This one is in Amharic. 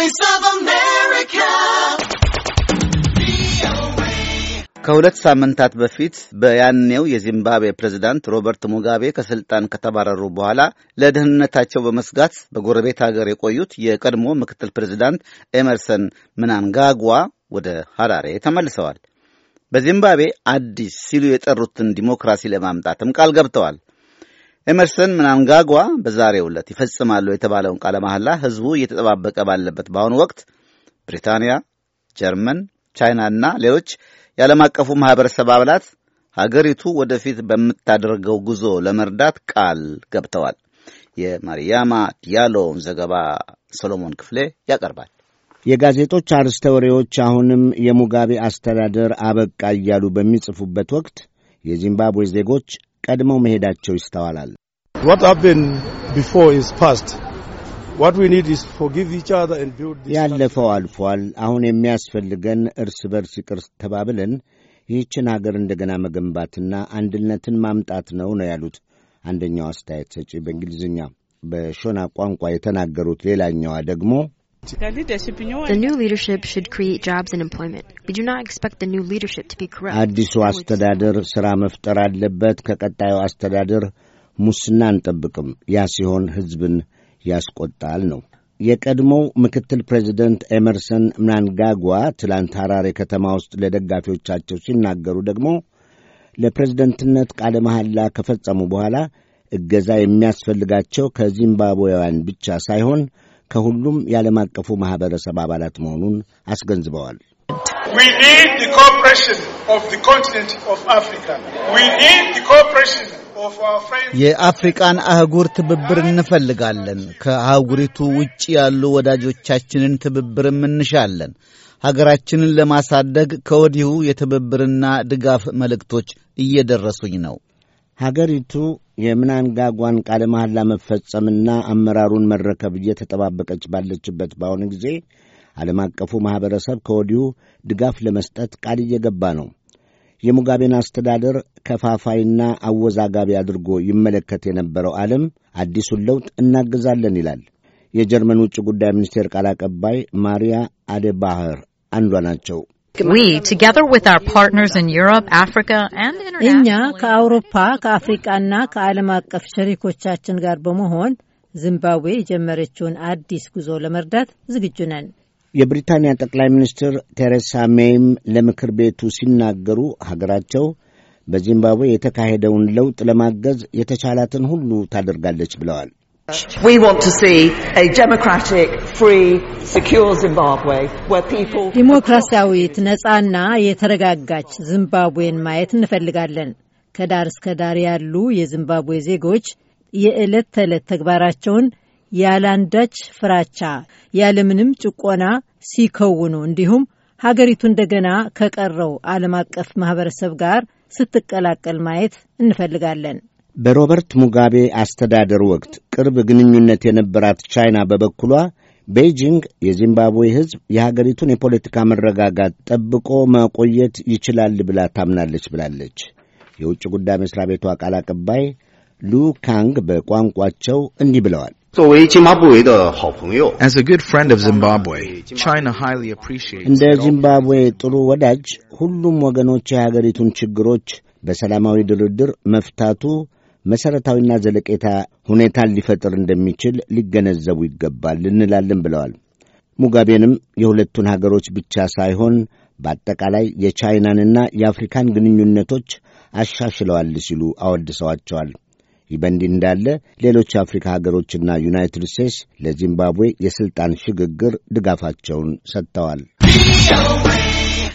Voice ከሁለት ሳምንታት በፊት በያኔው የዚምባብዌ ፕሬዚዳንት ሮበርት ሙጋቤ ከስልጣን ከተባረሩ በኋላ ለደህንነታቸው በመስጋት በጎረቤት ሀገር የቆዩት የቀድሞ ምክትል ፕሬዚዳንት ኤመርሰን ምናንጋጓ ወደ ሐራሬ ተመልሰዋል። በዚምባብዌ አዲስ ሲሉ የጠሩትን ዲሞክራሲ ለማምጣትም ቃል ገብተዋል። ኤመርሰን ምናንጋጓ በዛሬው ዕለት ይፈጽማሉ የተባለውን ቃለ መሐላ ህዝቡ እየተጠባበቀ ባለበት በአሁኑ ወቅት ብሪታንያ፣ ጀርመን፣ ቻይና እና ሌሎች የዓለም አቀፉ ማኅበረሰብ አባላት ሀገሪቱ ወደፊት በምታደርገው ጉዞ ለመርዳት ቃል ገብተዋል። የማርያማ ዲያሎን ዘገባ ሰሎሞን ክፍሌ ያቀርባል። የጋዜጦች አርዕስተ ወሬዎች አሁንም የሙጋቤ አስተዳደር አበቃ እያሉ በሚጽፉበት ወቅት የዚምባብዌ ዜጎች ቀድመው መሄዳቸው ይስተዋላል። ያለፈው አልፏል። አሁን የሚያስፈልገን እርስ በርስ ይቅር ተባብለን ይህችን አገር እንደገና መገንባትና አንድነትን ማምጣት ነው ነው ያሉት አንደኛው አስተያየት ሰጪ በእንግሊዝኛ በሾና ቋንቋ የተናገሩት ሌላኛዋ ደግሞ አዲሱ አስተዳደር ሥራ መፍጠር አለበት። ከቀጣዩ አስተዳደር ሙስና አንጠብቅም። ያ ሲሆን ሕዝብን ያስቆጣል ነው። የቀድሞው ምክትል ፕሬዚደንት ኤመርሰን ምናንጋጓ ትላንት ሐራሬ ከተማ ውስጥ ለደጋፊዎቻቸው ሲናገሩ ደግሞ ለፕሬዝደንትነት ቃለ መሐላ ከፈጸሙ በኋላ እገዛ የሚያስፈልጋቸው ከዚምባብዌውያን ብቻ ሳይሆን ከሁሉም የዓለም አቀፉ ማኅበረሰብ አባላት መሆኑን አስገንዝበዋል። የአፍሪቃን አህጉር ትብብር እንፈልጋለን። ከአህጉሪቱ ውጭ ያሉ ወዳጆቻችንን ትብብርም እንሻለን። ሀገራችንን ለማሳደግ ከወዲሁ የትብብርና ድጋፍ መልእክቶች እየደረሱኝ ነው። ሀገሪቱ የምናንጋጓን ቃለ መሐላ መፈጸምና አመራሩን መረከብ እየተጠባበቀች ባለችበት በአሁኑ ጊዜ ዓለም አቀፉ ማኅበረሰብ ከወዲሁ ድጋፍ ለመስጠት ቃል እየገባ ነው። የሙጋቤን አስተዳደር ከፋፋይና አወዛጋቢ አድርጎ ይመለከት የነበረው ዓለም አዲሱን ለውጥ እናግዛለን ይላል። የጀርመን ውጭ ጉዳይ ሚኒስቴር ቃል አቀባይ ማሪያ አደባህር አንዷ ናቸው። We, together with our partners in Europe, Africa and እኛ ከአውሮፓ ከአፍሪቃና ከዓለም አቀፍ ሸሪኮቻችን ጋር በመሆን ዚምባብዌ የጀመረችውን አዲስ ጉዞ ለመርዳት ዝግጁ ነን። የብሪታንያ ጠቅላይ ሚኒስትር ቴሬሳ ሜይም ለምክር ቤቱ ሲናገሩ ሀገራቸው በዚምባብዌ የተካሄደውን ለውጥ ለማገዝ የተቻላትን ሁሉ ታደርጋለች ብለዋል። ዲሞክራሲያዊት ነፃና የተረጋጋች ዚምባብዌን ማየት እንፈልጋለን። ከዳር እስከ ዳር ያሉ የዚምባብዌ ዜጎች የዕለት ተዕለት ተግባራቸውን ያላንዳች ፍራቻ ያለምንም ጭቆና ሲከውኑ እንዲሁም ሀገሪቱ እንደገና ከቀረው ዓለም አቀፍ ማህበረሰብ ጋር ስትቀላቀል ማየት እንፈልጋለን። በሮበርት ሙጋቤ አስተዳደር ወቅት ቅርብ ግንኙነት የነበራት ቻይና በበኩሏ ቤይጂንግ የዚምባብዌ ሕዝብ የሀገሪቱን የፖለቲካ መረጋጋት ጠብቆ መቆየት ይችላል ብላ ታምናለች ብላለች። የውጭ ጉዳይ መሥሪያ ቤቷ ቃል አቀባይ ሉ ካንግ በቋንቋቸው እንዲህ ብለዋል። እንደ ዚምባብዌ ጥሩ ወዳጅ ሁሉም ወገኖች የሀገሪቱን ችግሮች በሰላማዊ ድርድር መፍታቱ መሠረታዊና ዘለቄታ ሁኔታን ሊፈጥር እንደሚችል ሊገነዘቡ ይገባል እንላለን ብለዋል። ሙጋቤንም የሁለቱን ሀገሮች ብቻ ሳይሆን በአጠቃላይ የቻይናንና የአፍሪካን ግንኙነቶች አሻሽለዋል ሲሉ አወድሰዋቸዋል። ይህ በእንዲህ እንዳለ ሌሎች የአፍሪካ ሀገሮችና ዩናይትድ ስቴትስ ለዚምባብዌ የሥልጣን ሽግግር ድጋፋቸውን ሰጥተዋል።